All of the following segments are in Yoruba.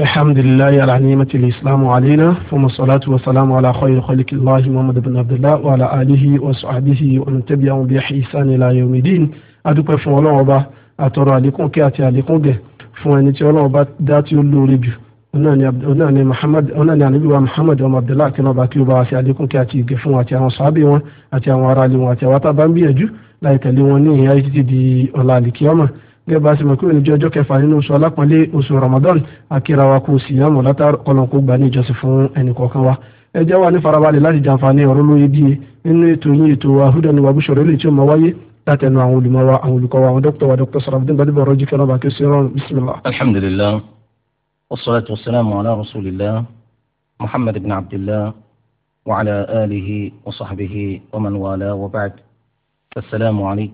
الحمد لله على نعمة الإسلام علينا ثم الصلاة والسلام على خير خلق الله محمد بن عبد الله وعلى آله وصحبه ومن تبعهم بإحسان إلى يوم الدين adúpẹ́ fún ọlọ́run ọba àtọrọ àlékún kí àti àlékún gẹ̀ fún ẹni tí ọlọ́run ọba dá tí ó lóore jù ọ̀nà ni muhammad ọ̀nà ni anabiwa muhammad ọmọ abdullahi akínà ọba kí ó bá wa sí àlékún kí àti ìgẹ̀ fún àti àwọn sábẹ́ wọn àti àwọn aráàlú wọn àti àwọn tábà ń gbìyànjú láì tẹ̀lé wọn ní ìhà títí di ọ̀la àlìkíyàmá gẹ́gẹ́ sí mọ̀ kí wọ́n jẹ́ ọjọ́ kẹfà nínú oṣù alápọ̀nlé oṣù Ramadan akíra wa kò sí yàmù látàrí kọlọ́nkó gba ní ìjọsìn fún ẹnì kọ̀ọ̀kan wa ẹ jẹ́ wà ní farabalẹ̀ láti jàǹfààní ọ̀rọ̀ lóye díẹ̀ nínú ètò yín ètò àhúdàní wa bíṣọ̀rọ̀ eléyìí tí ó bíi wáyé látẹnu àwọn olùmọ̀ wa bisoro lè ti o maa olùkọ́ wa àwọn dókítà wa dókítà sàràbùdín gbadébọ̀ ọ̀rọ̀ jíkẹ́ náà bá kí ó bisimilah. alhamdulilah wa ala alihi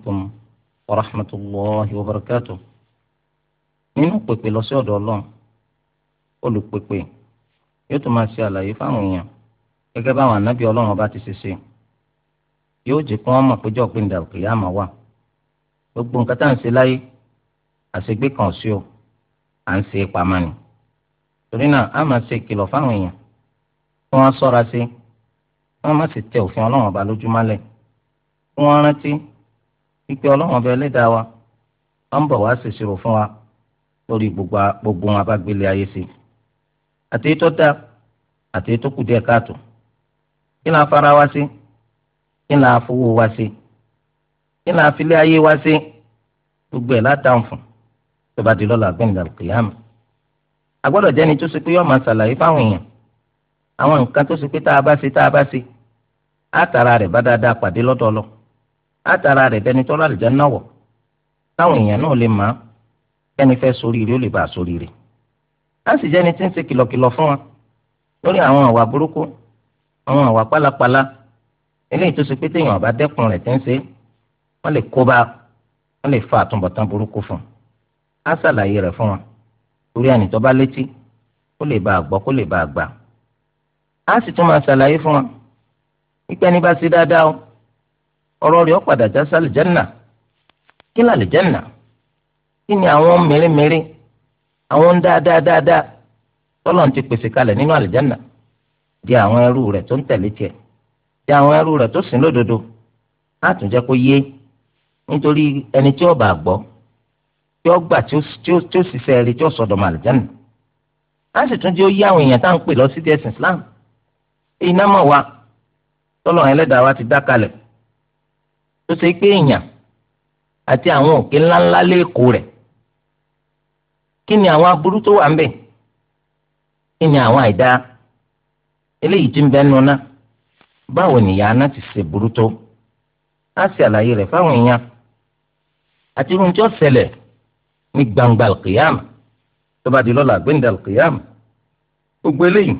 wa warahmatulahi wabarakatu nínú pèpè lọ sí ọ̀dọ̀ Ọlọ́run olùpèpè yóò tún máa ṣe àlàyé fáwọn èèyàn gẹ́gẹ́ báwọn anábì Ọlọ́run ọba ti ṣe ṣe yóò jẹ́ kí wọ́n mọ̀ péjọ pé ndà òkè yá máa wà gbogbo nǹkan tá à ń ṣe láyé àṣegbé kan sí o à ń ṣe é ni torí náà a máa ṣe ìkìlọ̀ fáwọn èèyàn kí wọ́n ṣọ́ra sí kí wọ́n má sì tẹ òfin Ọlọ́run ọba lójúmọ́lẹ̀ kí wọ́n rántí wípé ọlọ́run ọba ẹlẹ́dàá wa ó ń bọ̀ wá ṣèṣirò fún wa lórí gbogbo wọn abágbélé ayé sí àti tó dáa àti tó kù díẹ̀ káàtó kí la fara wa sí kí la fowó wa sí kí la filé ayé wa sí gbogbo ẹ̀ látàn fún tó bá di lọ́la gbẹ̀ndà kìyàmù agbọ́dọ̀ jẹ́ni tó ṣe pé yọ́ọ́ máa ṣàlàyé fáwọn èèyàn àwọn nǹkan tó ṣe pé tá a bá ṣe tá a bá ṣe á rẹ̀ bá dáadáa pàdé lọ́dọ̀ látara rẹ̀ dẹni tọ́lá àlùjá náà wọ̀ táwọn èèyàn náà lè máa ẹni fẹ́ soríire ó lè bá a soríire á sì jẹ́ni tí ń ṣe kìlọ̀kìlọ̀ fún wa lórí àwọn àwà burúkú àwọn àwà pálapàla eléyìí tó ṣe pé téèyàn àbá dẹ́kun rẹ̀ tí ń ṣe wọ́n lè kóbá wọ́n lè fa àtúbọ̀tán burúkú fún un á ṣàlàyé rẹ̀ fún wa torí ẹni tó bá létí kó lè bá a gbọ́ kó lè bá a gbà á sì tún máa ṣàlàyé fún wa wípé ẹni bá ṣe dáadáa o. Ọrọ rẹ̀ ọpadà padà já sí àlìjẹ́nà kí ni àlìjẹ́nà kí ni àwọn mèremère àwọn dáadáadáa tọ́lọ́n ti pèsè kalẹ̀ nínú àlìjẹ́nà di àwọn ẹrú rẹ tó ń di àwọn ẹrú rẹ tó sìn lódodo á tún jẹ́ kó yé nítorí ẹni tí ó bá gbọ́ tí ó gbà tí ó rí tí ó àlìjẹ́nà á sì tún jẹ́ ó yé àwọn èèyàn tá à Islam iná mọ̀ tọ́lọ́n ẹlẹ́dàá wa ti dá tó ṣe pé èèyàn àti àwọn òkè ńláńlá lẹ́kọ̀ọ́ rẹ̀ kí ni àwọn aburú tó wà ń bẹ̀ kí ni àwọn àìdá eléyìí tí ń bẹ nu ná báwo nìyá aná ti ṣe burú tó á ṣe àlàyé rẹ̀ fáwọn èèyàn àti irun tí ó ṣẹlẹ̀ ní gbangba alqiyam tó bá di lọ́la gbẹ̀ndà alqiyam gbogbo eléyìí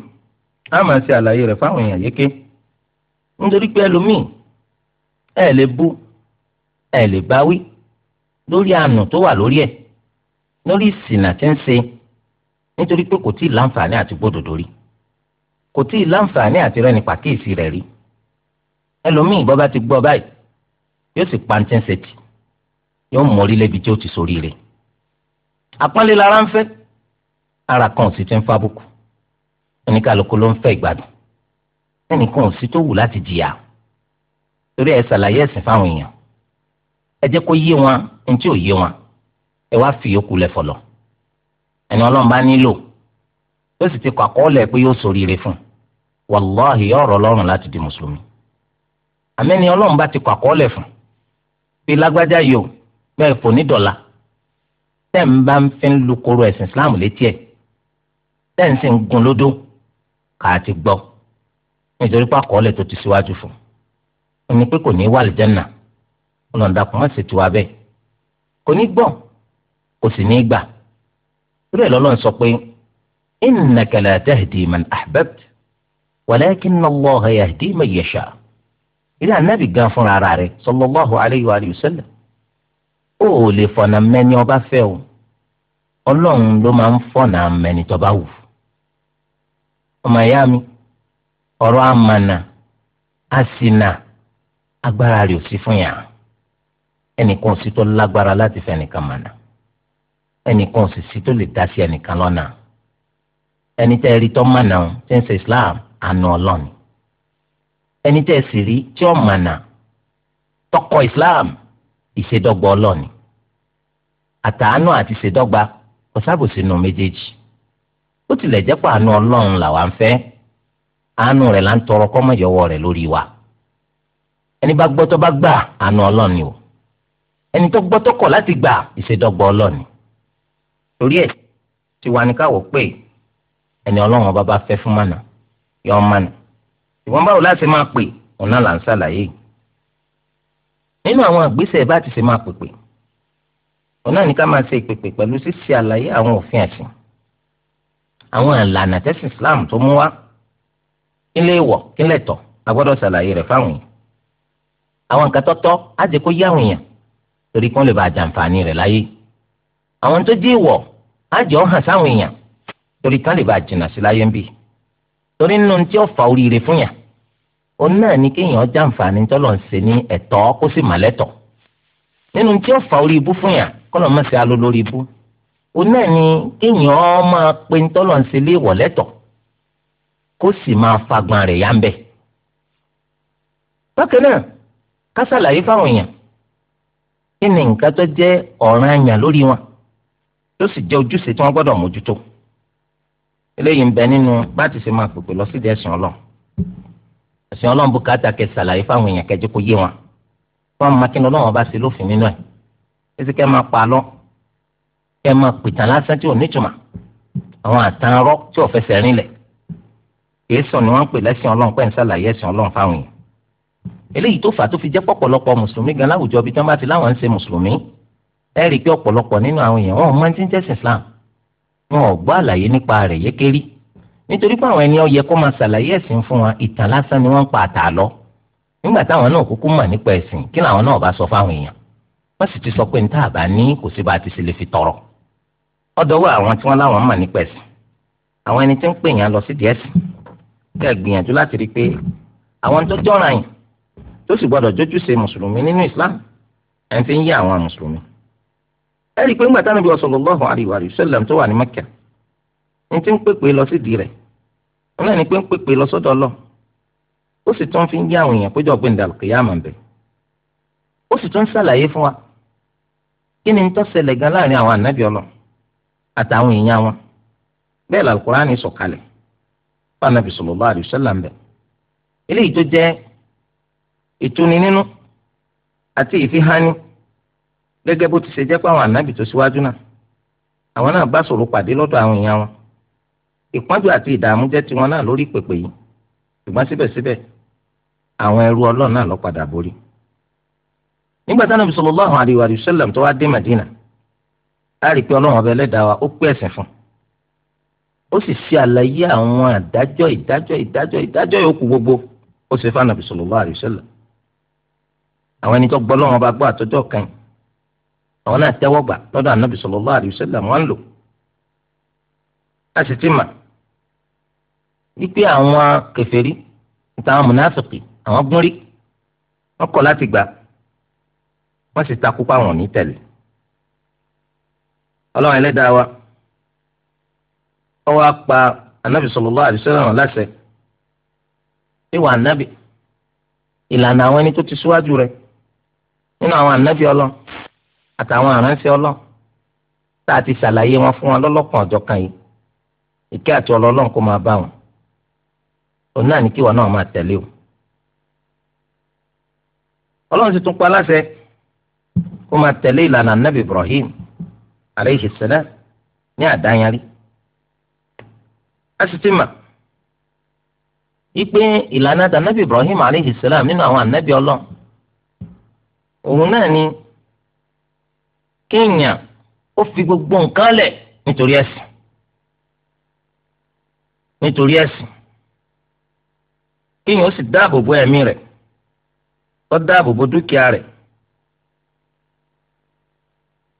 á máa ṣe àlàyé rẹ̀ fáwọn èèyàn yéké nítorí pé ẹlòmíì ẹ lè bú ẹ lè báwí lórí àánú tó wà lórí ẹ lórí ìsìnà tí ń ṣe nítorí pé kò tí ì láǹfààní àti gbódòdó rí kò tí ì láǹfààní àti rẹ́ni pàkíyèsí rẹ̀ rí ẹlòmíì bọ́ bá ti gbọ́ báyìí yóò sì pa ní ṣe tì yóò mọ orílẹ̀ ibi tí ó ti sórí rẹ̀ àpọ́nlé lára ń fẹ́ ara kan ò sì ti ń fábùkù oníkàlùkù ló ń fẹ́ ìgbádùn ẹnìkan ò sì tó wù láti jìyà torí ẹ ṣàlàyé ẹ̀sìn fáwọn èèyàn ẹ jẹ́ kó yé wọn ní tí ò yé wọn ẹ wá fi yòókù lẹ̀ fọlọ ẹni Ọlọ́run bá nílò ó sì ti kọ àkọọ́lẹ̀ pé yóò ṣoríire fún wàláhì ọ̀rọ̀ Ọlọ́run láti di mùsùlùmí àmẹni Ọlọ́run bá ti kọ àkọọ́lẹ̀ fún bí lágbájá yìí o bẹ́ẹ̀ kò ní dọ̀la tẹ́ ń bá ń fi ń lu koro ẹ̀sìn Islam létí ẹ̀ tẹ́ ń sì ń gun lódó kà á ti gbọ́ nítorí pé tó ti síwájú fún un ẹni pé kò ní wà lìjánà ọlọ́ọ̀dàkùn má sì tu abẹ́ kò ní gbọ́ kò sì ní gbà rẹ̀ lọ́lọ́run sọ pé innaka la tahdi man ahbabta walakinna Allaha yahdi man yasha ilé anabi gan fúnra ara rẹ̀ sallallahu alayhi wa sallam ó lè fọ̀nà mẹ́ni ọba fẹ́ o ọlọ́run ló máa ń fọ̀nà mẹ́ni tọ́ba wù ọmọ ìyá mi ọ̀rọ̀ àmàna àsìnà agbára rẹ̀ ò sí fún yàn ẹnìkan sì tó lágbára láti fẹ́ ẹnìkan mọ̀nà ẹnìkan sì sí tó lè dá sí ẹnìkan lọ́nà ẹni tẹ́ ẹ rí tó mọ̀nà tí ń ṣe Islam àna ọlọ́ni ẹni tẹ́ ẹ sì rí tí ó mọ̀nà tọkọ Islam ìṣèdọ́gba ọlọ́ni àtàánú àti ìṣèdọ́gba kò sábòsí nù méjèèjì ó tilẹ̀ jẹ́ pé àánú ọlọ́run làwa ń fẹ́ àánú rẹ̀ là ń tọrọ kọ́mọ̀yọwọ́ rẹ̀ lórí wa ẹni bá gbọ́ tó bá gbà àánú ọlọ́run ni o ẹni tó gbọ́ kọ̀ láti gbà ìṣèdọ́gba ọlọ́run ni torí ẹ̀ tí wàá ní káwọ́ pé ẹni ọlọ́run ọba bá fẹ́ fún mànà yọ mànà ìwọ́n báwo láti máa pè ọ̀nà là ń ṣàlàyé nínú àwọn àgbésẹ̀ bá ti ṣe máa pèpè ọ̀nà ní ká máa ṣe ìpèpè pẹ̀lú ṣíṣe àlàyé àwọn òfin ẹ̀sìn àwọn ìlànà tẹ́sí Islam tó mú wá kílé ìwọ̀ kílẹ̀ tọ̀ a ṣàlàyé rẹ̀ fáwọn yìí àwọn nǹkan tọ́tọ́ á jẹ́ kó yáwọn èèyàn torí kí wọ́n lè bá àjàǹfààní rẹ̀ láyé àwọn tó jẹ́ ìwọ̀ á jẹ́ ọ̀hàn sáwọn èèyàn torí kí wọ́n lè bá àjìnà sí láyé ń bì torí nínú tí ó fa oríire fún yàn òun náà ni kéèyàn jàǹfààní tọ́lọ̀ ń ṣe ní ẹ̀tọ́ kó sì màlẹ́tọ̀ nínú tí ó fa orí ibú fún yàn kọ́lọ̀ má ṣe alo lórí ibú òun náà ni kéèyàn máa pe tọ́lọ̀ ń ṣe lé ìwọ̀lẹ́tọ̀ kó sì máa fagbọn rẹ̀ yá ń bẹ̀. bákan náà ká ṣàlàyé fáwọn èèyàn kí ni nǹkan tó jẹ́ ọ̀ràn àyàn lórí wọn tó sì jẹ́ ojúṣe tí wọ́n gbọ́dọ̀ mójútó eléyìí ń bẹ nínú bá ti ṣe máa pèpè lọ sídìí ẹ̀sìn ọlọ́run ẹ̀sìn ọlọ́run bùkátà kẹ́ ṣàlàyé fáwọn èèyàn kẹjọ kó yé wọn fún àwọn akínú ọlọ́run ọba ṣe lófin nínú ẹ̀ títí kẹ́ máa pa lọ kẹ́ máa pìtàn lásán tí ò nítumọ̀ àwọn àtàn arọ́ tí ò fẹsẹ̀ rinlẹ̀ kìí sọ ni wọ́n ń pè lẹ́sìn ọlọ́run pẹ́ ń ṣàlàyé ẹ̀sìn ọlọ́run fáwọn èèyàn eléyìí tó fà tó fi jẹ́ pọ̀pọ̀lọpọ̀ mùsùlùmí gan láwùjọ bíi tí wọ́n bá ti láwọn ń ṣe mùsùlùmí ẹ rí i pé ọ̀pọ̀lọpọ̀ nínú àwọn èèyàn wọn ò máa ti ń jẹ́sìn Islam wọn ò gbọ́ àlàyé nípa rẹ̀ yékérí nítorí pé àwọn ẹni ó kó máa ṣàlàyé ẹ̀sìn fún wọn ìtàn lásán ni wọ́n ń pa àtà lọ nígbà táwọn náà kúkú mọ̀ nípa ẹ̀sìn kí làwọn náà bá sọ fáwọn èèyàn wọ́n sì ti sọ pé níta àbá ní kò sí bá a ti ṣe lè fi tọrọ ọ̀dọ́wọ́ àwọn tí wọ́n láwọn mọ̀ nípa ẹ̀sìn àwọn ẹni tí ń pè yàn lọ sídìí ẹ̀sìn kẹ́ gbìyànjú láti rí i pé àwọn tó jọ́ràn yìí tó sì gbọdọ̀ jójúṣe mùsùlùmí nínú islam ẹ̀ ń fi ń yé àwọn mùsùlùmí. ẹ rí i pé ńgbà táwọn ibi sallallahu alaihi wa sallam tó wà ní mẹ́kà ní ti ń pèpè lọ sídìí rẹ̀ ọlọ́run ní pé ń pèpè lọ sọ́dọ̀ ọlọ́ ó sì tún fi ń yé àwọn èèyàn péjọ pé ndàlù kìyàmà ń bẹ̀ ó sì tún ṣàlàyé fún wa kí ni tó ṣẹlẹ̀ gan láàrin àwọn ànábì ọlọ́ àtàwọn èèyàn wọn bẹ́ẹ̀ làlùkùránì sọ̀kalẹ̀ fún ànábì sallallahu ìtuni nínú àti ìfihàní gẹ́gẹ́ bó ti ṣe jẹ́ pé àwọn ànábì tó síwájú náà àwọn náà bá ṣòro pàdé lọ́dọ̀ àwọn èèyàn wọn ìpọ́njú àti ìdààmú jẹ́ tiwọn náà lórí pèpè yìí ṣùgbọ́n síbẹ̀síbẹ̀ àwọn ẹrú ọlọ́run náà lọ padà borí. nígbà Madina pé ọlọ́run fún ó sì ṣe àlàyé àwọn àdájọ́ ìdájọ́ ìdájọ́ ìdájọ́ yòókù gbogbo ó àwọn ẹni tó gbọ́ lọ́wọ́ bá gbọ́ àtọ́jọ́ kan àwọn náà tẹ́wọ́ gbà lọ́dọ̀ ànábì sallallahu alaihi wasallam wọ́n ń lò a sì ti mà wípé àwọn kèfèrí ìtàwọn mùnáfìkì àwọn gúnrí wọ́n kọ̀ láti gbà wọ́n sì takú páwọn ní tẹ̀lé ọlọ́run ẹlẹ́dàá wa ọwọ́ apá anabi sallallahu alaihi wasallam láṣẹ ìwà anabi ìlànà àwọn ẹni tó ti síwájú rẹ̀ nínú àwọn ànábì ọlọ, àtàwọn àránṣẹ́ ọlọ, tá a ti ṣàlàyé wọn fún wọn lọ́lọ́kan ọ̀jọ̀ kan yìí ìkẹ́ àti ọlọ́run kó máa bá wọn òun náà ní wọn náà máa tẹ̀lé o ọlọ́run ti tún pa aláṣẹ kó máa tẹ̀lé ìlànà ànábì Ibrahim salam ní àdáyanrí a Ipe Ibrahim salam nínú àwọn ànábì òun náà ni kéèyàn ó fi gbogbo nǹkan lẹ̀ nítorí ẹ̀sìn nítorí ẹ̀sìn kéèyàn ó sì dáàbò bo ẹ̀mí rẹ̀ ó dáàbò bo dúkìá rẹ̀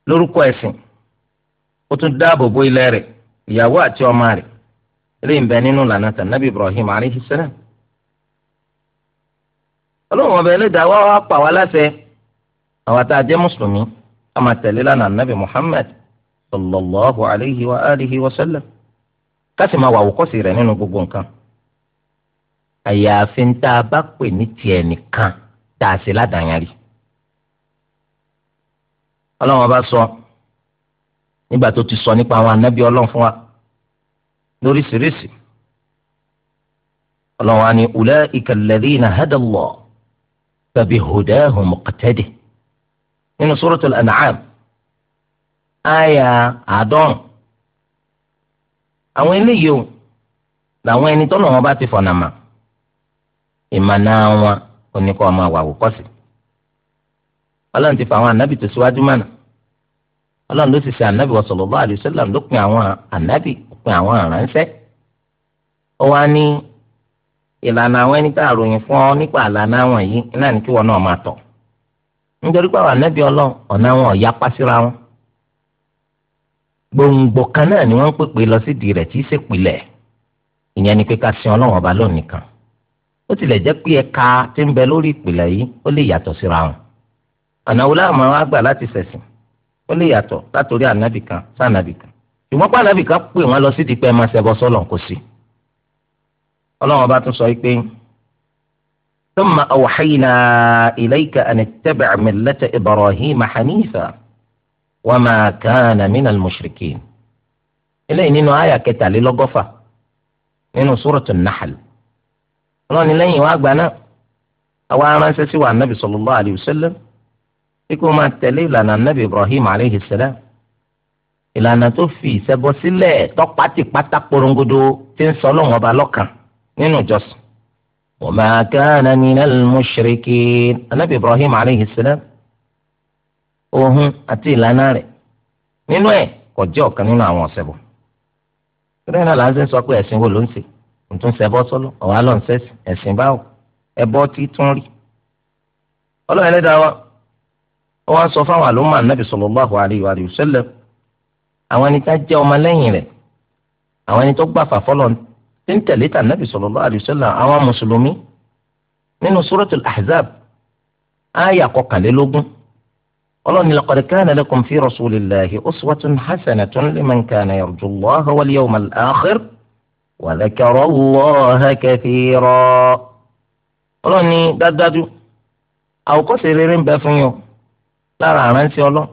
lórúkọ ẹ̀sìn ó tún dáàbò bo ilẹ̀ rẹ̀ ìyàwó àti ọmọ rẹ̀ rí ń nínú lànà tàn nábì Ibrahim alayhi salam ọlọ́run ọba ẹlẹ́dàá àwọn tá a jẹ́ mùsùlùmí a máa tẹ̀lé lánàá nàbì Muhammad sallallahu alayhi wa alihi wa sallam káṣí máa wà wòkọ́sì rẹ̀ nínú gbogbo nǹkan àyàfi ń tá a bá pè ní tiẹ̀ nìkan tá a ṣe ládàáyárí ọlọ́run ọba sọ nígbà tó ti sọ nípa àwọn anábì ọlọ́run fún wa lóríṣiríṣi ọlọ́run wa ni ulaika alladhina hadallah fa bihudahum muqtadi nínú suratul an'am àyà àádọ́rùn àwọn eléyìí o làwọn ẹni tọ́nà wọn bá ti fọ̀nà mà ìmànà wọn oníkọ́ ọmọ àwà wò kọ́sì ọlọ́run ti fa àwọn ànábì tó síwájú mọ́nà ọlọ́run ló sì ṣe ànábì wa sallallahu alaihi wasallam ló pin àwọn ànábì pin àwọn àránṣẹ́ ó wá ní ìlànà àwọn ẹni tá a ròyìn fún ọ nípa ìlànà àwọn yìí náà ní kí wọn náà máa tọ̀ nítorí pé àwọn anábì ọlọ́run ọ̀nà wọn ọ̀yá pásíra wọn gbòǹgbò kan náà ni wọ́n ń pèpè lọ sídìí rẹ̀ tí í ṣèpìlẹ̀ ìyẹn ni pé ká sin ọlọ́run ọba lónìí nìkan ó tilẹ̀ jẹ́ pé ẹ̀ka tí ń bẹ lórí ìpìlẹ̀ yìí ó lè yàtọ̀ síra wọn ọ̀nà wo láwọn máa gbà láti ṣẹ̀sìn ó lè yàtọ̀ látòrí ànábì kan sànábì kan ṣùgbọ́n pànábì kan pè wọ́n lọ sídìí pé ẹ máa ṣẹbọ sọ́lọ̀ kò ثم أوحينا إليك أن اتبع ملة إبراهيم حنيفا وما كان من المشركين إليه نينو آية كتالي لغفة نينو سورة النحل ولن إليه واقبنا أو أنا سوى النبي صلى الله عليه وسلم يكون ما التلي لنا النبي إبراهيم عليه السلام ìlànà tó fi ìṣẹ́bọ sílẹ̀ tọ́pátìpátá porongodo ti ń sọ lọ́wọ́n ọba lọ́kàn nínú ìjọsìn وما كان من المشركين النبي إبراهيم عليه السلام òhun àti ìlànà rẹ̀ nínú ẹ̀ kò jẹ́ ọ̀kan nínú àwọn ọ̀sẹ̀bọ̀ rẹ̀ náà láti sọ pé ẹ̀sìn wo ló ń ṣe ntún ṣẹbọ sọlọ ọwọ alọ ń sẹsìn ẹ̀sìn báwo ẹbọ tí tún rí Ọlọ́run Ẹlẹ́dàá wa ó wá sọ fáwọn àlùmọ ànábì sallallahu alaihi wa sallam àwọn ẹni tá jẹ́ ọmọ lẹ́yìn rẹ̀ àwọn ẹni tó gbà fàfọlọ tí ń tẹ̀lé tà nàbì sallallahu alaihi wasallam àwọn mùsùlùmí nínú suratul ahzab àyà kọkànlélógún ọlọ́ni laqad kana lakum fi rasulillahi uswatun hasanatun liman kana yarjullaha wal yawmal akhir wa dhakara allaha kathira ọlọ́ni dájúdájú àwòkọ́ṣe rere ń bẹ fún yín lára àrántí ọlọ́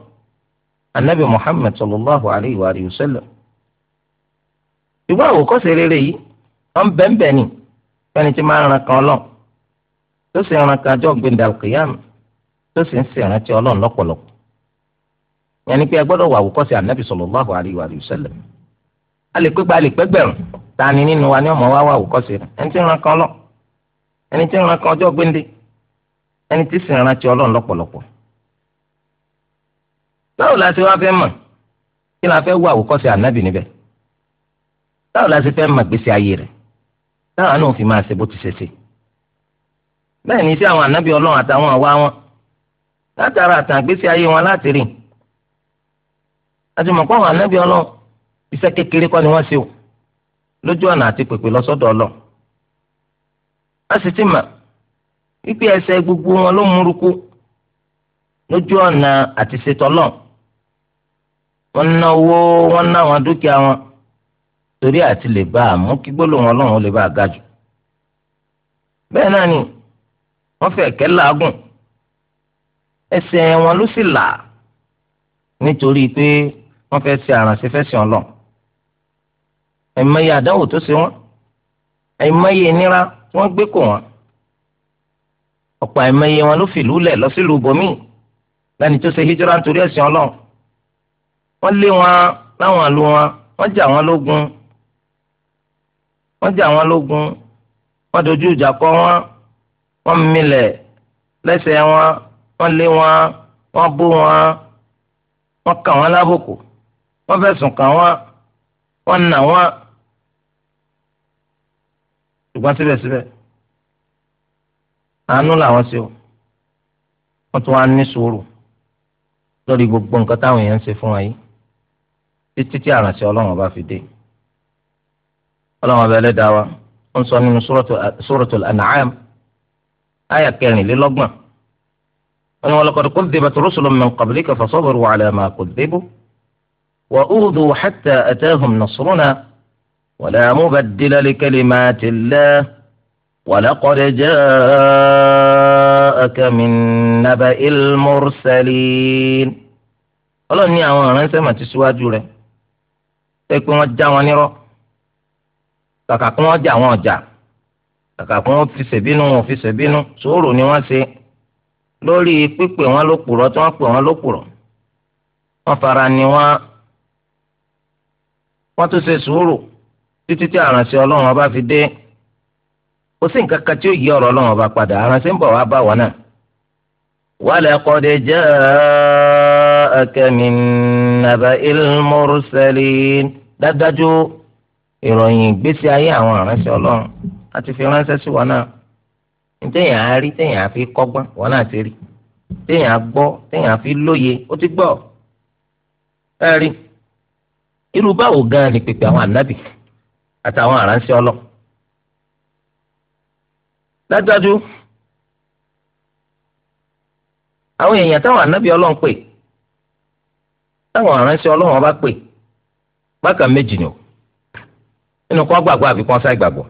anabi muhammed sallallahu alayhi wa sallam ìwé àwòkọ́ṣe rere yìí wọn bẹ́ẹ̀nbẹ́ẹ́ ni fẹ́ni tí máa ń ran kan ọlọ́run tó sì ń ran kan ajọ́ gbẹ̀ndà kìyàm tó sì ń sì rántí ọlọ́run lọ́pọ̀lọpọ̀ yẹn ni pé ẹ gbọ́dọ̀ wà àwòkọ́sí ànábì sallallahu alaihi wa sallam a lè pépé a lè pẹ́gbẹ̀rún ta nínú wa ni ọmọ wa wà àwòkọ́sí rẹ̀ ẹni tí ń ran kan ọlọ́run ẹni tí ń ran kan ọjọ́ gbẹ̀ndé ẹni tí sì ń rántí ọlọ́run lọ́pọ̀lọpọ̀ báwo la ti wá fẹ́ mọ̀ kí la fẹ́ wà àwòkọ́sí ànábì níbẹ̀ báwo la ti fẹ́ mọ̀ gbèsè ayé rẹ̀ táwọn náà fi máa ṣe bó ti ṣe ṣe bẹ́ẹ̀ ni iṣẹ́ àwọn ànábì ọlọ́run àtàwọn àwa wọn látara àtàgbésí ayé wọn láti rìn àti mọ̀ pé àwọn ànábì ọlọ́run iṣẹ́ kékeré kọ́ ni wọ́n ṣe o lójú ọ̀nà àti pèpè lọ́sọ́dọ̀ a sì ti wípé ẹsẹ̀ gbogbo wọn ló múrukú lójú ọ̀nà àti ṣetọ́lọ́run Wọn ná owó wọ́n dúkìá wọn. torí àti lè bá a mú kí gbólóhùn ọlọ́run lè bá a ga jù. bẹ́ẹ̀ náà ni wọ́n fẹ́ kẹ́ làágùn ẹsẹ̀ wọn ló sì là nítorí pé wọ́n fẹ́ ṣe àrànṣe fẹ́ sìn ọlọ́run. ẹ̀mọye àdánwò tó ṣe wọ́n ẹ̀mọye ìnira tí wọ́n gbé kò wọ́n ọ̀pọ̀ ẹ̀mọye wọn ló fìlú lẹ̀ lọ sílùú bòmíì lẹ́ni tó ṣe hijira nítorí ẹ̀sìn ọlọ́run wọ́n lé wọn láwọn àlù wọn wọ́n jà wọn lógun wọ́n jà wọ́n lógun wọ́n dojú ìjà kọ wọ́n wọ́n milẹ̀ lẹ́sẹ̀ wọn wọ́n lé wọn wọ́n bó wọn wọ́n kà wọ́n lábùkù wọ́n fẹ̀sùn kàn wọ́n wọ́n nà wọ́n ṣùgbọ́n síbẹ̀síbẹ̀ àánú làwọn ṣe o wọ́n tún wá ní sùúrù lórí gbogbo nǹkan táwọn èèyàn ń ṣe fún wa yìí títí tí àrànṣe Ọlọ́run ọba fi dé. ọlọ́run ọba ẹlẹ́dàá wa ń sọ nínú suratul an'am àyà kẹrin kẹrìnlélọ́gbọ̀n wọn ni wọn laqad kudhibat rusulun min qablika fasabaru ala ma kudhibu wa udhu hatta atahum nasruna wala mubaddila likalimati llah walaqad ja'aka min naba'il mursalin ọlọ́run ní àwọn aránṣẹ́ màtí síwájú rẹ̀ pé pé wọ́n já wọn nírọ́. kàkà kí wọ́n jà wọ́n jà kàkà kí wọ́n fi ṣèbínú wọ́n fi ṣèbínú sòrò ni wọ́n ṣe lórí pípè wọ́n lópùrọ́ tí wọ́n pè wọ́n lópùrọ́ wọ́n fara ni wọ́n wọ́n tún ṣe sùúrù títí tí àránṣẹ́ Ọlọ́run ọba fi dé kò sí nǹkan kan tí ó yí ọ̀rọ̀ Ọlọ́run ọba padà àránṣẹ́ ń bọ̀ wá bá wọn náà. ولقد جاءك من نبأ المرسلين dájúdájú ìròyìn ìgbésí ayé àwọn aránṣẹ́ Ọlọ́run láti fi ránṣẹ́ sí wọn náà téèyàn á rí téèyàn á wọn náà ti rí téèyàn á gbọ́ àfi lóye ó ti gbọ́ ẹ rí irú báwo gan ni pèpè àwọn ànábì àtàwọn Ọlọ́run dájúdájú àwọn nínú kọ́ gbàgbọ́ àfi kọ́ sáì gbàgbọ́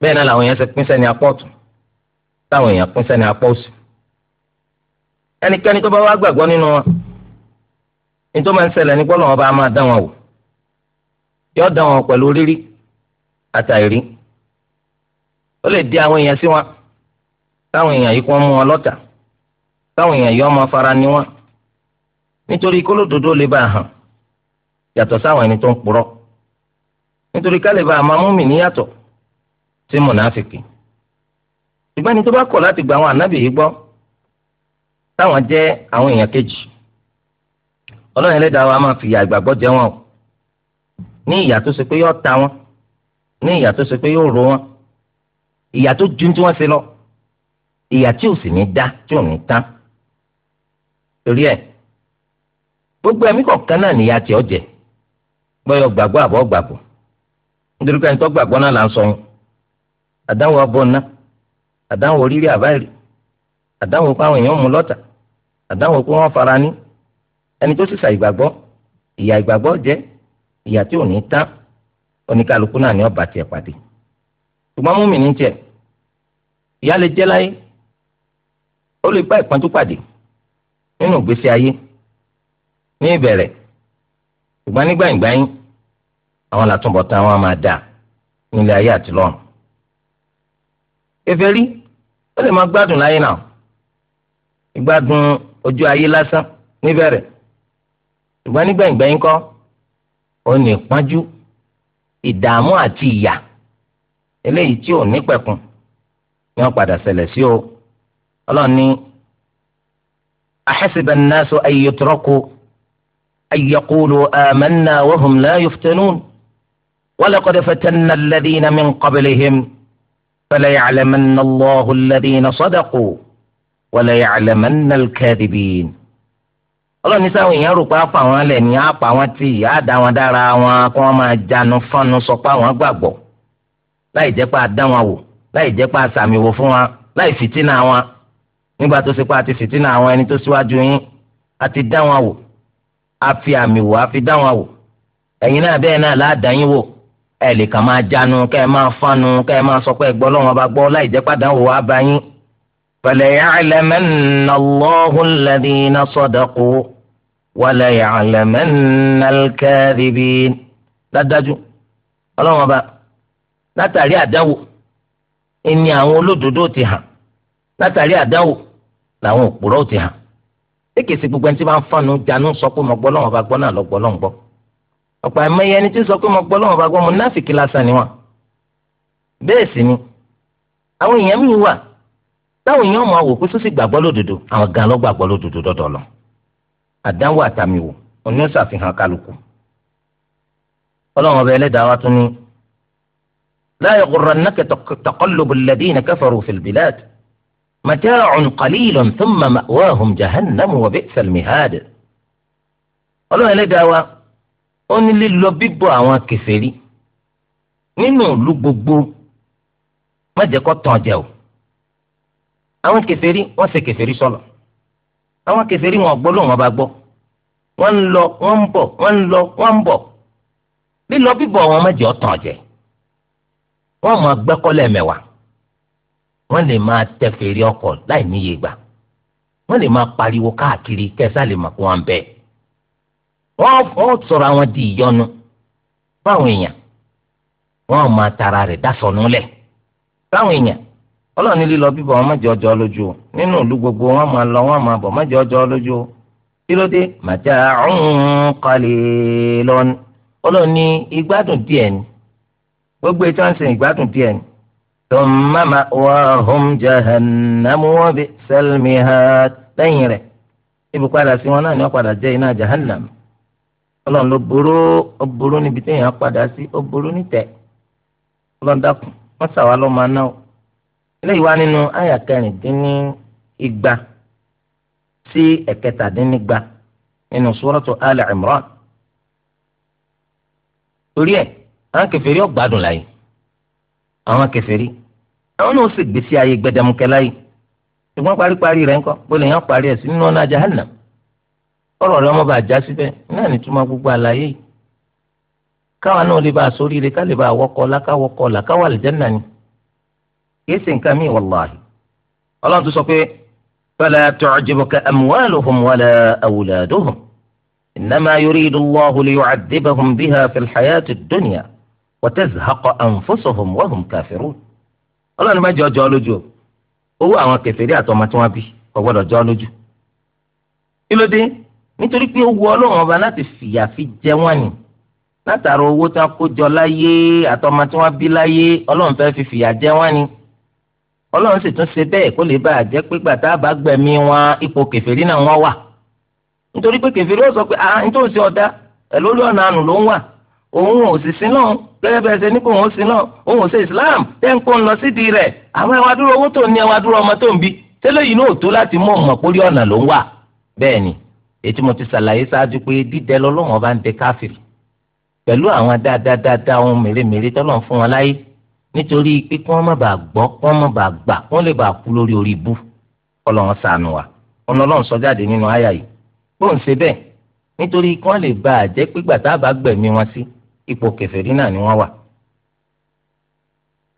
bẹ́ẹ̀ náà làwọn èèyàn ṣe pín sẹ́ni apá ọ̀tún táwọn èèyàn pín sẹ́ni apá òsì ẹnikẹ́ni tó bá wá gbàgbọ́ nínú wọn ní tó máa ń ṣẹlẹ̀ ní pọ́lọ́ wọn bá máa dán wọn wò yọ dán wọn pẹ̀lú rírí àtàìrí ó lè di àwọn èèyàn sí wọn táwọn èèyàn yìí kò mú wọn lọ́tà táwọn èèyàn yìí ọmọ fara ni wọn nítorí kólódodo lè bá hàn yàtọ̀ sáwọn ẹni tó ń purọ́ nítorí kálíbà àmọ́ múmi níyàtọ̀ sí mùnàfíkì ṣùgbọ́n ẹni tó bá kọ̀ láti gba àwọn ànábì yìí gbọ́ táwọn jẹ́ àwọn èèyàn kejì ọlọ́run ẹlẹ́dàá wa máa fìyà ìgbàgbọ́ jẹ wọn o ní ìyà tó ṣe pé yóò ta wọn ní ìyà tó ṣe pé yóò ro wọn ìyà tó ju tí wọ́n ṣe lọ ìyà tí ò sì ní dá tí ò ní tán torí ẹ̀ gbogbo ẹ̀mí kọ̀ọ̀kan náà níyà tí ọ jẹ gbọ́yọ̀ gbàgbọ́ àbọ̀ gbàgbọ́ nítorí pé ẹni tó gbàgbọ́ náà là ń sọ yín àdáwò ọbọ ná àdáwò oríire àbáyèrè àdáwò pé àwọn èèyàn mú lọ́tà àdáwò pé wọ́n fara ní ẹni tó sì ṣà ìgbàgbọ́ ìyà ìgbàgbọ́ jẹ́ ìyà tí ò ní tán oníkálukú náà ni ọba tiẹ̀ pàdé ṣùgbọ́n mú mi ní tiẹ̀ ìyà lè jẹ́ láyé ó lè bá ìpọ́njú pàdé nínú ìgbésí ayé ní ìbẹ̀rẹ̀ ṣùgbọ́n nígbà ìgbà yín àwọn làtúbọ̀tán wọn máa dà nílé ayé àti lọ́run. kèfèrí ó lè máa gbádùn láyé náà ìgbádùn ojú ayé lásán níbẹ̀rẹ̀ ṣùgbọ́n nígbẹ̀yìngbẹ̀yìn kọ́ ó ní ìpọ́njú ìdààmú àti ìyà eléyìí tí ò ní pẹ̀kun ni wọ́n padà ṣẹlẹ̀ sí o ọlọ́run ní ahasiba an-nasu an yutraku an yaqulu amanna ولقد فتنا الذين من قبلهم فليعلمن الله الذين صدقوا وليعلمن الكاذبين ọlọ́ni sáwọn èèyàn rò pé á pa ní á pa wọn dára wọn kó wọn máa jánu fánu sọ pé àwọn gbàgbọ́ láì jẹ́ pé a wò láì jẹ́ pé a wò fún wọn láì fìtínà wọn nígbà tó ṣe pé a fìtínà àwọn ẹni tó síwájú yín a ti wò a àmì wò a fi wò ẹ̀yin náà bẹ́ẹ̀ náà láàdá wò ẹ lè kàn máa jánu kẹ ẹ máa fánu kẹ ẹ máa sọ pé ẹ lọ́wọ́ bá gbọ́ láì jẹ́ padà wò á bá yín. فليعلمن الله الذين صدقوا وليعلمن الكاذبين dájú ọlọ́wọ́n bá látàrí àdáwò ẹni àwọn olódodo ti hàn látàrí àdáwò làwọn òpùrọ̀ ti hàn. ṣé kìí ṣe gbogbo ẹni tí wọ́n á jánu sọ pé mo gbọ́ lọ́wọ́ bá gbọ́ náà lọ́gbọ́ lọ́ngbọ́n ọ̀pọ̀ àìmọye ẹni tí sọ pé mo gbọ́ lọ́wọ́ bá gbọ́ mùnáfìkì lásán ni wọ́n bẹ́ẹ̀ sì ni àwọn èèyàn mi wà táwọn èèyàn mọ̀ àwò pé sọ́sì gbàgbọ́ lódodo àwọn gan ló gbàgbọ́ lódodo dọ́dọ̀ lọ àdánwò àtàmìwò oní ṣàfihàn kálukú ọlọ́wọ́n ọba ẹlẹ́dàá wa tún ní la yughurrannaka taqallubu alladhina kafaru fil bilad mata'un qalilun thumma ma'wahum jahannamu wa bi'sal mihad ọlọ́wọ́n ẹlẹ́dàá wa ó ní lílọ bíbọ̀ àwọn kèfèrí nínú ìlú gbogbo má jẹ́ kó tàn jẹ o àwọn kèfèrí wọ́n ṣe kèfèrí sọ̀lọ̀ àwọn kèfèrí wọn gbọ́ lóun ọba gbọ́ wọ́n ń lọ wọ́n ń bọ̀ wọ́n ń lọ wọ́n ń bọ̀ lílọ bíbọ̀ wọn má jẹ́ wọ́n máa gbẹ́kọ́lẹ̀ mẹ́wàá wọ́n lè máa tẹ ọkọ̀ láì níye gbà wọ́n lè máa pariwo káàkiri kẹsà lè mọ̀ kó wọn bẹ́ẹ̀ ọ sọ̀rọ̀ àwọn di ìyọnu fáwọn èèyàn wọn máa tara rẹ̀ dásọ̀nù lẹ̀ fáwọn èèyàn ọlọ́ọ̀ni lílọ bíbọ̀ wọn ọjọ́ lójú o nínú ìlú gbogbo wọn máa lọ wọn máa bọ̀ mọ̀jẹ̀ ọjọ́ lójú kí ló dé màjá ọ̀hún kalẹ̀ lọ́nù ọlọ́ọ̀ni ìgbádùn díẹ̀ ni gbogbo ètò àǹsẹ̀ ìgbádùn díẹ̀ ni tọ́mọ́ wà hóm jahannamu wọ́n bí ha lẹ́yìn rẹ̀ ibùpadà sí wọn náà ni wọ́n padà jẹ́ iná ọlọ́run ló burú ó burú níbi tí èèyàn padà sí ó burú nítẹ̀ ọlọ́run dákun wọ́n sàwá ló máa ná o. eléyìí wá nínú àyà kẹrìndínní igba sí ẹ̀kẹtàdínnígba nínú sùrọ̀tù alẹ́ imran. torí ẹ̀ àwọn kèfèrí ọ̀gbádùn láyé àwọn kèfèrí àwọn náà ó sì gbèsè ayé gbẹdẹmukẹ láyé ṣùgbọ́n paríparí rẹ̀ ńkọ́ bó lè yàn parí ẹ̀ sí nínú ọ̀nà jahannam ọ̀rọ̀ rẹ̀ ọmọ bá já síbẹ̀ náà ní túmọ̀ gbogbo àlàyé yìí káwa náà lè bá a sórí rẹ̀ ká lè bá a wọkọ lákàwọkọ làkàwà àlìjẹnà ni kìí ṣe nǹkan mi wàláhì Ọlọ́run tó sọ pé fala tu'jibuka amwaluhum wala awladuhum innama yuridu Allahu liyu'adhibahum biha fil hayati dunya wa tazhaqa anfusuhum wa hum kafirun Ọlọ́run má jẹ́ ọjọ́ lójú owó àwọn kèfèrí àtọmọ tí wọ́n bí kò gbọ́dọ̀ lójú kí nítorí pé ó wu ọlọ́run ọba láti fìyà fi jẹ wọ́n ni látara owó tí wọ́n kó jọ láyé àtọmọ tí wọ́n bí láyé ọlọ́run fẹ́ẹ́ fi fìyà jẹ wọ́n ni ọlọ́run sì tún ṣe bẹ́ẹ̀ kó lè bá a jẹ́ pé gbàtà bá gbẹ̀mí wọn ipò kẹfẹ́rí náà wọ́n wà nítorí pé kẹfẹ́rí ó sọ pé ah nítorí sí ọ̀dà ẹ̀ lórí ọ̀nà àánú ló ń wà òun ò sì sin náà gẹ́gẹ́ bẹ́ẹ̀ ṣe ní kò òun sin náà òun ò ṣe Islam tẹ́ ń kó ń lọ sídìí rẹ̀ àwọn ẹwà dúró owó tó ní ẹwà dúró ọmọ tó ń bi tẹ́lẹ̀ yìí náà tó láti mú ọmọ pórí ọ̀nà ló ń wà bẹ́ẹ̀ ni ètí mo ti ṣàlàyé ṣáájú pé dídẹ lọ́lọ́run ọba ń dẹ káfíìrì pẹ̀lú àwọn dáadáadáa ohun mèremère tọ́lọ́run fún wọn láyé nítorí pé kí wọ́n má bàa gbọ́ kí wọ́n má bàa gbà kí wọ́n lè bàa kú lórí orí ibú ọlọ́run ṣàánú wa ọlọ́run sọ jáde nínú àyà yìí bóun ṣe bẹ́ẹ̀ nítorí kí wọ́n lè bá a jẹ́ pé gbàtà bá gbẹ̀mí wọn sí ipò kèfèrí náà ni wọ́n wà.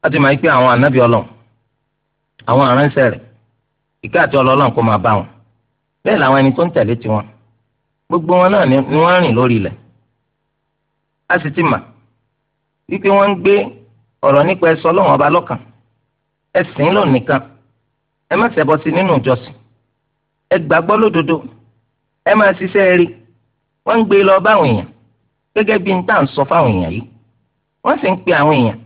láti máa pé àwọn ànábì ọlọ́run àwọn aránṣẹ́ rẹ̀ ìkẹ́ àti ọlọ́run kó máa bá wọn bẹ́ẹ̀ làwọn ẹni tó ń tẹ̀lé tiwọn gbogbo wọn náà ni wọ́n rìn lórí ilẹ̀ a sì ti mà wípé wọ́n ń gbé ọ̀rọ̀ nípa ẹsọ Ọlọ́run ọba lọ́kàn ẹ sìn lọ nìkan ẹ má ṣẹbọ sí nínú ìjọsìn ẹ gbàgbọ́ lódodo ẹ máa ṣiṣẹ́ rí wọ́n ń gbé lọ báwọn èèyàn gẹ́gẹ́ bíi níta ń sọ fáwọn èèyàn yìí wọ́n sì ń pe àwọn èèyàn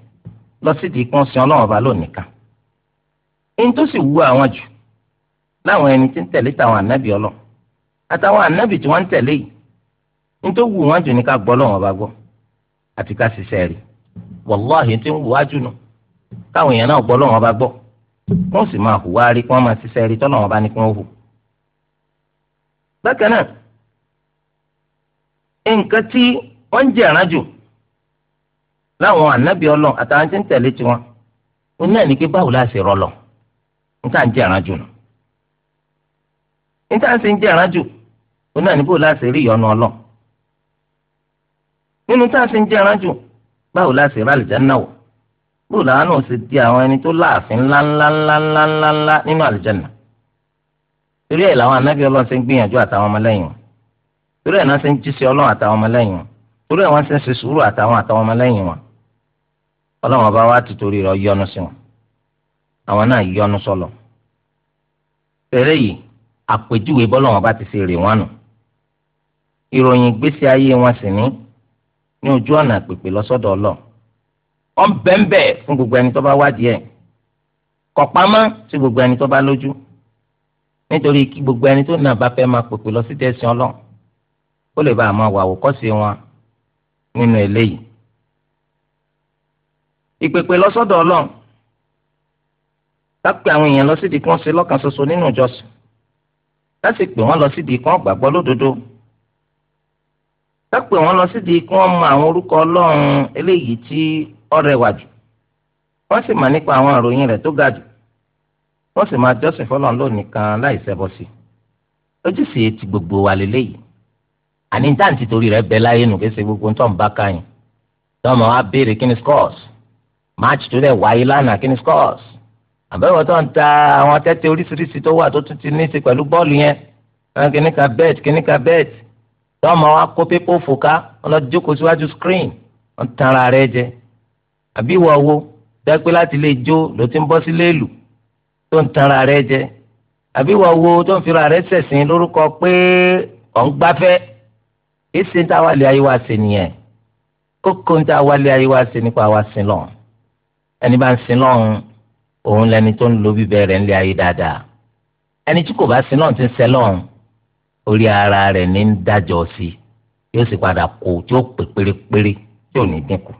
lọ sídìí kan sin Ọlọ́run ọba lónìí kan ẹni tó sì wú àwọn jù láwọn ẹni tí ń tẹ̀lé tàwọn ànábì Ọlọ́run àtàwọn ànábì tí wọ́n ń tẹ̀lé yìí nítorí wù wọ́n jù ní ká gbọ́ lọ́wọ́n bá gbọ́ àti ká ṣiṣẹ́ rí wàláhì tí ń wùwá jù nù káwọn èèyàn náà gbọ́ lọ́wọ́n bá gbọ́ wọ́n sì máa hùwá rí kí wọ́n máa ṣiṣẹ́ rí bá ní kí hù. bákan náà nǹkan tí wọ́n ń jù láwọn ọlọ́ àtàwọn tí ń tẹ̀lé wọn náà ní báwo la ṣe rọlọ̀ níta ń jù nù ń jù ó náà níbo láti rí ìyọnu ọlọ nínú tá a ti ń jẹ aránjù báwo láti rí àlìjáná wọ bó làwọn náà ṣe di àwọn ẹni tó láàfin ńláńláńláńláńlá nínú àlìjáná torí ẹ̀ làwọn anábì Ọlọ́run ṣe ń gbìyànjú àtàwọn ọmọlẹ́yìn wọn torí ẹ̀ náà ṣe ń jíṣẹ́ Ọlọ́run àtàwọn ọmọlẹ́yìn wọn torí ẹ̀ wọ́n ṣe ń ṣe sùúrù àtàwọn àtàwọn ọmọlẹ́yìn wọn Ọlọ́run ọba wa ti torí rẹ̀ yọ́nú sí wọn àwọn náà yọ́nú sọlọ tẹ́lẹ̀ yìí àpèjúwe bọ́lọ́run ọba ti ṣe rè wọn nù ìròyìn ìgbésí ayé wọn sì ní ní ojú ọ̀nà pèpè lọ́sọ̀dọ̀ ọlọ́run wọ́n bẹ́ńbẹ́ fún gbogbo ẹni tó bá wádìí ẹ̀ kọ̀pamọ́ sí gbogbo ẹni tó bá lójú nítorí kí gbogbo ẹni tó nà bá fẹ́ máa pèpè lọ sí tẹ̀sán ọlọ́run ó lè bá a máa wà àwòkọ́ṣe wọn nínú eléyìí. ìpèpè lọ́sọ̀dọ̀ ọlọ́run lápẹ́ àwọn èèyàn lọ sídìí kí wọ́n ṣe lọ́kàn ṣoṣo nínú ìjọsìn láti pè wọ́n lọ sídìí kí wọ́n gbàgbọ́ lódodo ká pè wọ́n lọ sídìí kí wọ́n mọ àwọn orúkọ ọlọ́run eléyìí tí ó rẹwà jù wọ́n sì mà nípa àwọn ìròyìn rẹ̀ tó ga jù wọ́n sì máa jọ́sìn fọlọ́n lónìí kan láì ṣẹbọ sí ojúṣe ti gbogbo wa lélẹ́yìí àní dáǹtì torí rẹ̀ bẹ láyé nù kése gbogbo tó ń bá káyìn tọ́mọ wa béèrè kí ni scores match tó dẹ̀ wáyé lánàá kí ni scores àbẹ̀wò tó ń ta àwọn tẹ́tẹ́ oríṣiríṣi tó wà tó tún ti ní í ṣe pẹ̀lú bọ́ọ̀lù yẹn kíníkà bet kíníkà bet tọ́mọ wa kó pépé òfòká ọlọ́dúnkò síwájú screen wọ́n tan ara rẹ jẹ àbí ìwọ wo dápé láti lè jó ló ti ń bọ́ sílé ìlú tó ń tan ara rẹ jẹ àbí ìwọ wo tó ń fira rẹ sẹ̀sìn lórúkọ pé ọ̀ ń gbafẹ́ èsì ń ta wálé ayé wa ṣe nìyẹn kókó ń ta wálé ayé wa ṣe nípa wa sin lọ́hùn ẹni bá ń sin lọ́hùn òun lẹni tó ń lo bíbẹ̀ rẹ̀ ńlẹ̀ ayé dáadáa ẹni tí kò bá sin lọ́hùn ti ń sẹ́ lọ́hùn orí ara rẹ̀ ní ń dájọ́ sí yóò sì padà kó tí ó pè pérépéré tí ò ní dínkù.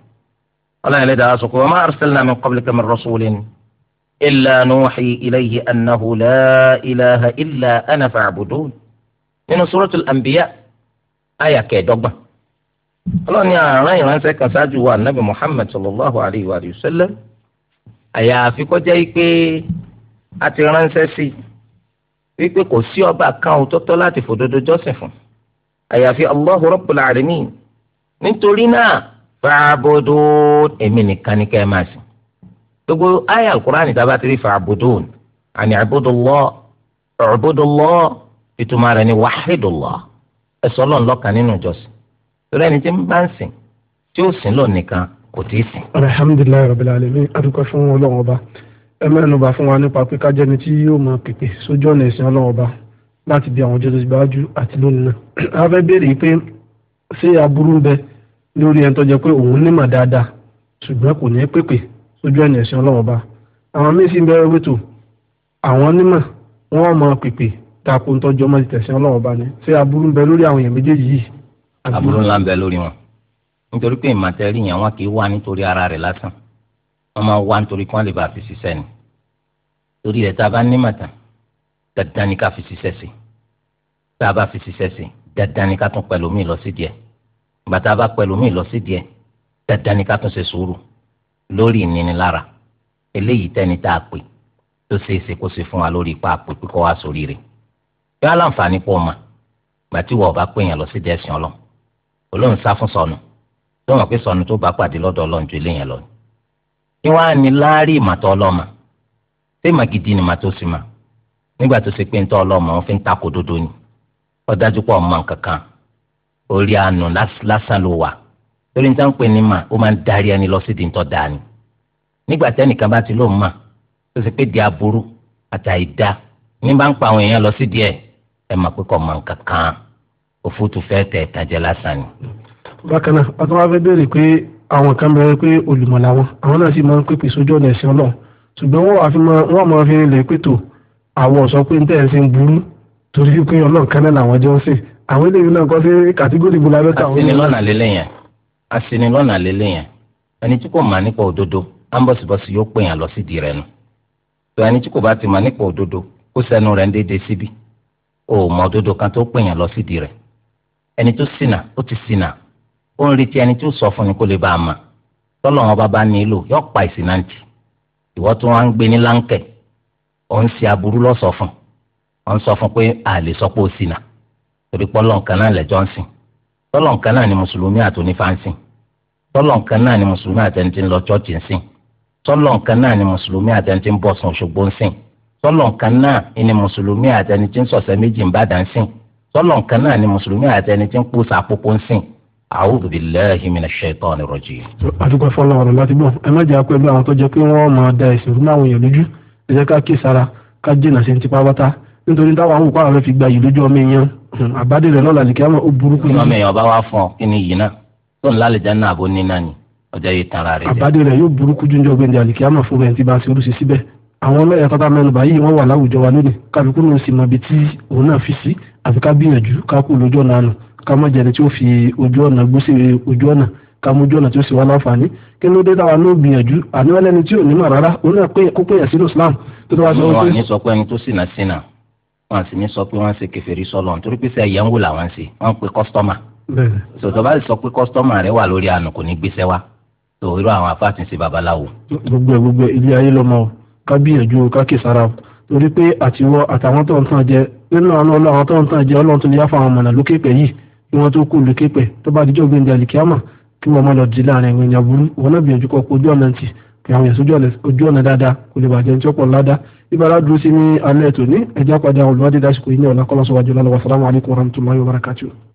ọlọ́run ẹlẹ́dàá sọ pé wa ma arsalna min qablika min rasulin illa nuhi ilayhi annahu la ilaha illa ana fa'budun nínú suratul anbiya àyà kẹẹ̀dọ́gbọ̀n. ọlọ́run ní àárán ìránṣẹ́ kan ṣáájú wa nabi muhammad sallallahu alayhi wa sallam àyàfi kó jẹ́ pé a ránṣẹ́ sí i wípé kò sí ọba kan òtọ́tọ́ láti fòdodo jọ́sìn fún àyàfi Allahu Rabbul Alamin nítorí náà fàbọdò èmi nìkan ní kẹ́ ẹ máa sìn gbogbo àyà alukur'an ìta bá ti rí fàbọdò àní àbúdùlọ ọ̀bùdùlọ ìtumọ̀ rẹ̀ ni wàhídùlọ ẹ̀sọ́ lọ́n lọ́kàn nínú ìjọsìn torí ẹni tí ń bá ń sìn tí ó sìn lọ nìkan kò tí ì sìn. alhamdulilayi rabbil alamin adukọ fún Ọlọ́run ọba ẹ mẹ́nuba fún wa nípa pé kájẹ́ni tí yóò máa pèpè sójú ọ̀nà ẹ̀sìn ọlọ́run ọba láti bí àwọn jẹ́jọ́ ìgbàájú àti lónìí náà a fẹ́ béèrè pé ṣé aburú ń bẹ lórí ẹni tó jẹ pé òun nímọ̀ dáadáa ṣùgbọ́n kò ní pèpè sójú ọ̀nà ẹ̀sìn ọlọ́run ọba àwọn míín sì ń bẹ̀rẹ̀ wètò àwọn nímọ̀ wọ́n máa pèpè tako ń tọ́jú ọmọ ìtẹ̀sìn ọlọ́run ọba ni ṣé aburú ń bẹ lórí wọ́n máa wá nítorí kí wọ́n lè bá a fi ṣiṣẹ́ ni torí rẹ̀ tá a bá ní màtà dandan ni ká fi ṣiṣẹ́ sí tá a bá fi ṣiṣẹ́ sí dandan ni ká tún pẹ̀lú mi lọ sí díẹ̀ bàtà bá pẹ̀lú mi lọ sí díẹ̀ dandan ni ká tún ṣe sùúrù lórí ìnínilára eléyìí tẹ́ni tá a pè tó ṣe é ṣe kó ṣe fún wa lórí ipa àpè kíkọ́ wa sórí rẹ̀ yọ aláǹfààní pọ̀ mà gbàtí wọ́n bá pè yẹn lọ sí díẹ̀ sìn ọlọ́ olóhùn sá fún sọnù tó mọ̀ pé sọnù tó bá pàdé lọ́dọ̀ ọlọ́run ju eléyẹn lọ ni kí wọ́n ní láárí ìmàtọ́ ọlọ́mà ṣé màgídí ni màtó sì mà nígbà tó ṣe pé ń tọ́ ọlọ́mà wọn fi ń takò dodo ni ọ̀dájú pọ̀ mọ̀ kankan orí àánú lásán ló wà torí níta ń pè ní mà ó máa ń darí ẹni lọ sídìí ńtọ́ da ni nígbà tẹ́nìkan bá ti lóun mà tó ṣe pé di aburú àtàìdá ní bá ń pa àwọn èèyàn lọ sídìí ẹ̀ ẹ̀ mà pé kọ̀ mọ̀ kankan òfútu fẹ́ tẹ̀ tàjẹ́ lásán ni. bákan náà ọtún wá fẹ́ béèrè pé àwọn kan bẹ̀rẹ̀ pé olùmọ̀ làwọn àwọn náà sì máa ń pèpè sójú ọ̀nà ẹ̀sìn ọlọ́run ṣùgbọ́n wọ́n àfi máa wọ́n máa fi rinlẹ̀ pé tò àwọn ọ̀sọ́ pé níta ẹ̀sìn burú torí pé ọlọ́run kan náà làwọn jọ ń sìn àwọn eléyìí náà kọ́ sí kàtígórì bu lábẹ́ káwọn. asinilọ́nà lélẹ̀ yẹn asinilọ́nà lélẹ̀ yẹn ẹni tí kò mà nípa òdodo ambọ̀sibọ́sì yóò pè yàn lọ sí di rẹ nu ẹni tó pè ó ti ṣìnà ó ń retí ẹni tí ó sọ fún ni kó lè bá a mà tọ́lọ̀ wọn bá bá nílò yọ pa ìsìn náà tì tó wá ń gbé ní láńkẹ̀ ó ń ṣe aburú lọ́sọ̀ fún ó ń sọ fún pé a lè sọ pé ó sì nà torí pọ́lọ̀ nǹkan náà lẹ́jọ́ ń sìn tọ́lọ̀ nǹkan náà ni mùsùlùmí àtòní fa ń sìn tọ́lọ̀ nǹkan náà ni mùsùlùmí àtẹni tí ń lọ chọ́ọ̀chì ń sìn tọ́lọ̀ nǹkan náà ni mùsùlùmí àtẹni tí ń bọ̀ sùn Òṣogbo ń sìn tọ́lọ̀ nǹkan náà ni mùsùlùmí àtẹni tí ń sọ̀sẹ̀ méjì ń bàdàn sìn tọ́lọ̀ nǹkan náà ni mùsùlùmí àtẹni tí ń pòsà àpòpò ń sìn a'udhu billahi minash shaitani rajim. àdúgbò fọlọ ọ̀rọ̀ láti gbọ́ ẹ má jẹ́ pẹ̀lú àwọn tó jẹ́ pé wọ́n máa da ẹ̀sìn rú máwọn èèyàn lójú ẹ jẹ́ ká kíyè sára ká jìnnà sí ti pápátá nítorí táwọn àwọn òkú àwọn fi gba yìí lójú ọmọ èèyàn àbádé rẹ̀ lọ́la nìkẹ́ ó burúkú. ọmọ èèyàn bá wá fún ọ kí ni yìí náà tó ń lálẹ́ jáná àbó ní náà ni ọjọ́ yìí tara rẹ̀. àbádé rẹ̀ yóò àwọn ọlọ́yà kọ́tà mẹ́nuba yìí wọ́n wà láwùjọ wa lónìí kálukú ló ń sì mọ ibi tí òun náà fi sí àfi ká gbìyànjú ká kú lójú ọ̀nà àná ká má jẹ́ni tí ó fi ojú ọ̀nà gbèsè ojú ọ̀nà ká mú ojú ọ̀nà tí ó sì wá láǹfààní kí ló dé táwa náà gbìyànjú àníwá lẹ́ni tí ò ní mà rárá òun náà pé kó pé yẹn sínú Islam tó tó wá sọ wípé. wọn ní sọ pé ẹni tó ṣìnà ṣìnà wọn sì ní sọ pé wọn ṣe kèfèrí sọlọ nítorí pé sẹ́yìn yẹn ń wò làwọn ṣe wọn ń pe kọ́sítọ́mà sọtọ́ bá sọ pé kọ́sítọ́mà rẹ wà lórí àná kò ní gbéṣẹ́ wá tó irú àwọn afá ṣe babaláwo. gbogbo ẹ gbogbo ilé ayé lọmọ kábíyànjú kákèsára torí pé àtiwọ àtàwọn tó ń tàn jẹ nínú àwọn ọlọ́run tó ń tàn jẹ ọlọ́run tó ń yá fún àwọn ọmọ lókè pẹ̀ kí wọ́n tó kú lókèpẹ̀ tó bá dijọ́ gbẹ̀ndẹ̀ àlìkíámà kí wọ́n má lọ di láàrin àwọn èèyàn burú wọn náà gbìyànjú kọ́ ojú ọ̀nà tì kí àwọn èèyàn ojú ọ̀nà dáadáa kò lè bàjẹ́ tí ó pọ̀ ibara dúró sí ní alẹ́ tòní ẹ̀já padà olùwádìí dásìkò yìí ní ọ̀la kọ́lọ́sọ̀wájú lálẹ́ wàsálàmù alaykum wa rahmatulahi wa barakatuh.